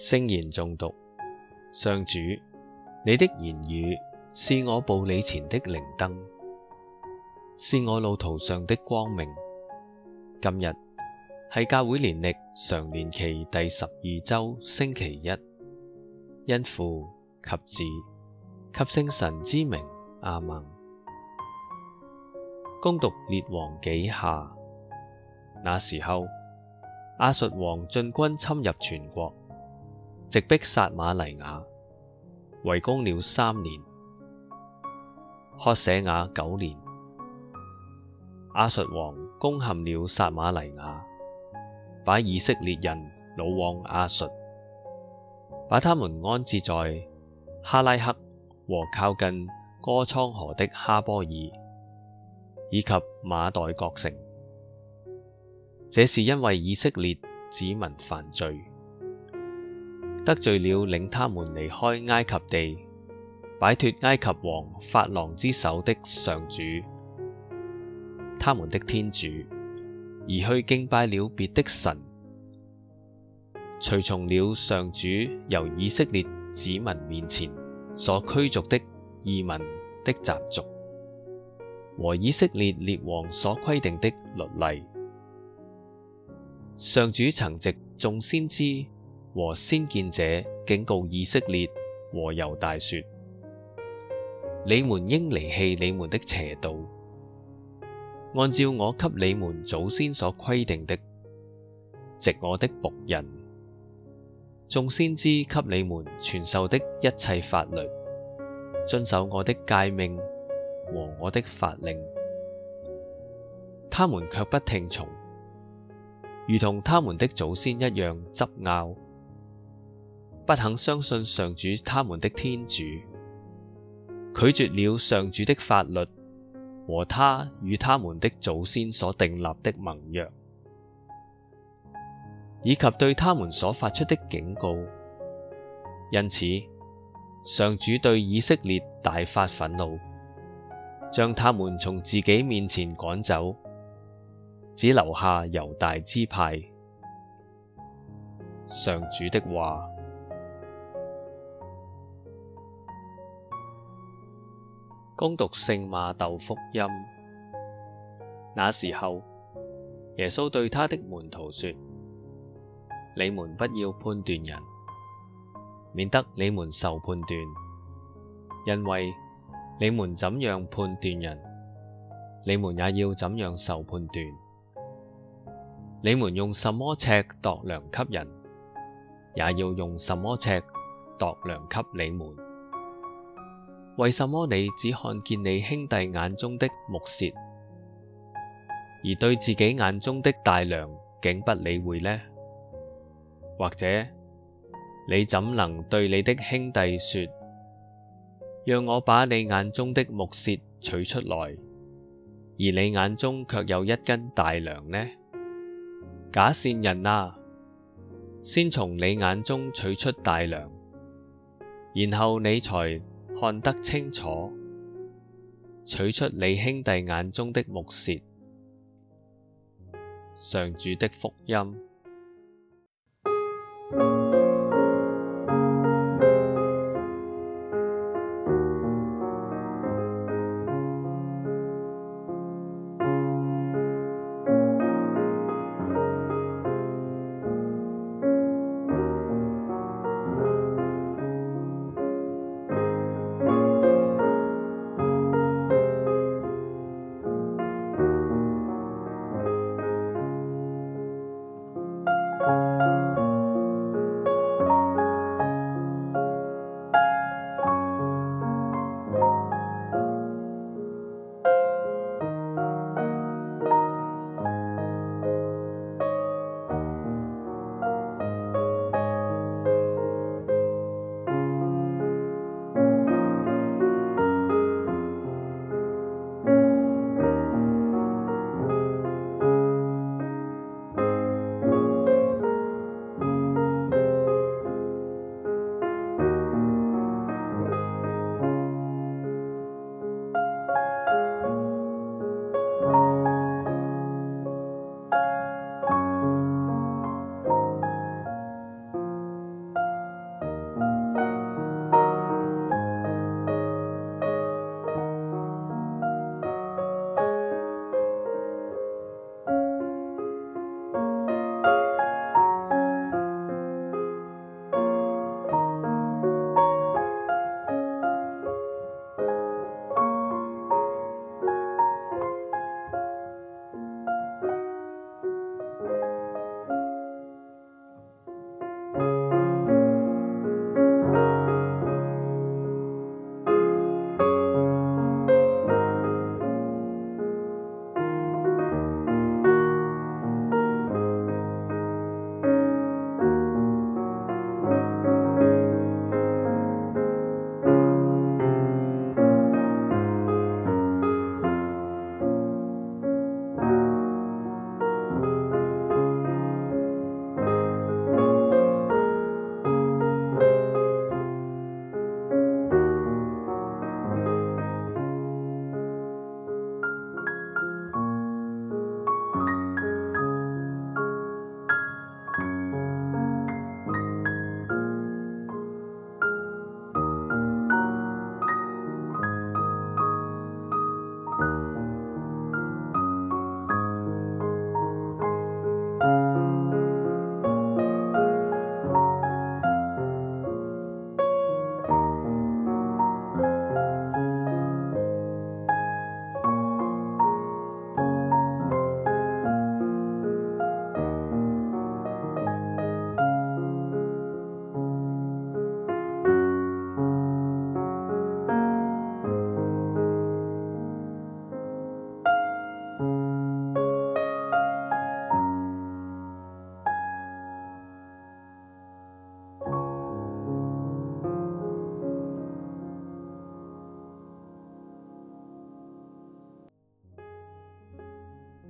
聖言誦讀，上主，你的言語是我步履前的靈燈，是我路途上的光明。今日係教會年曆常年期第十二周星期一，因父及子及聖神之名，阿們。恭讀列王紀下，那時候，亞述王進軍侵入全國。直逼撒瑪黎雅，圍攻了三年。曷舍亞九年，亞述王攻陷了撒瑪黎雅，把以色列人擄往亞述，把他們安置在哈拉黑和靠近哥倉河的哈波爾，以及瑪待各城。這是因為以色列子民犯罪。得罪了領他們離開埃及地，擺脫埃及王法郎之手的上主，他們的天主，而去敬拜了別的神，隨從了上主由以色列子民面前所驅逐的異民的習俗和以色列列王所規定的律例。上主曾藉眾先知。和先見者警告以色列和猶大說：你們應離棄你們的邪道，按照我給你們祖先所規定的，藉我的僕人眾先知給你們傳授的一切法律，遵守我的誡命和我的法令。他們卻不聽從，如同他們的祖先一樣執拗。不肯相信上主他們的天主，拒絕了上主的法律和他與他們的祖先所訂立的盟約，以及對他們所發出的警告。因此，上主對以色列大發憤怒，將他們從自己面前趕走，只留下猶大支派。上主的話。恭讀聖瑪竇福音。那時候，耶穌對他的門徒說：你們不要判斷人，免得你們受判斷。因為你們怎樣判斷人，你們也要怎樣受判斷。你們用什麼尺度量給人，也要用什麼尺度量給你們。為什麼你只看見你兄弟眼中的木屑，而對自己眼中的大樑竟不理會呢？或者，你怎能對你的兄弟說：讓我把你眼中的木屑取出來，而你眼中卻有一根大樑呢？假善人啊，先從你眼中取出大樑，然後你才。看得清楚，取出你兄弟眼中的木屑。上主的福音。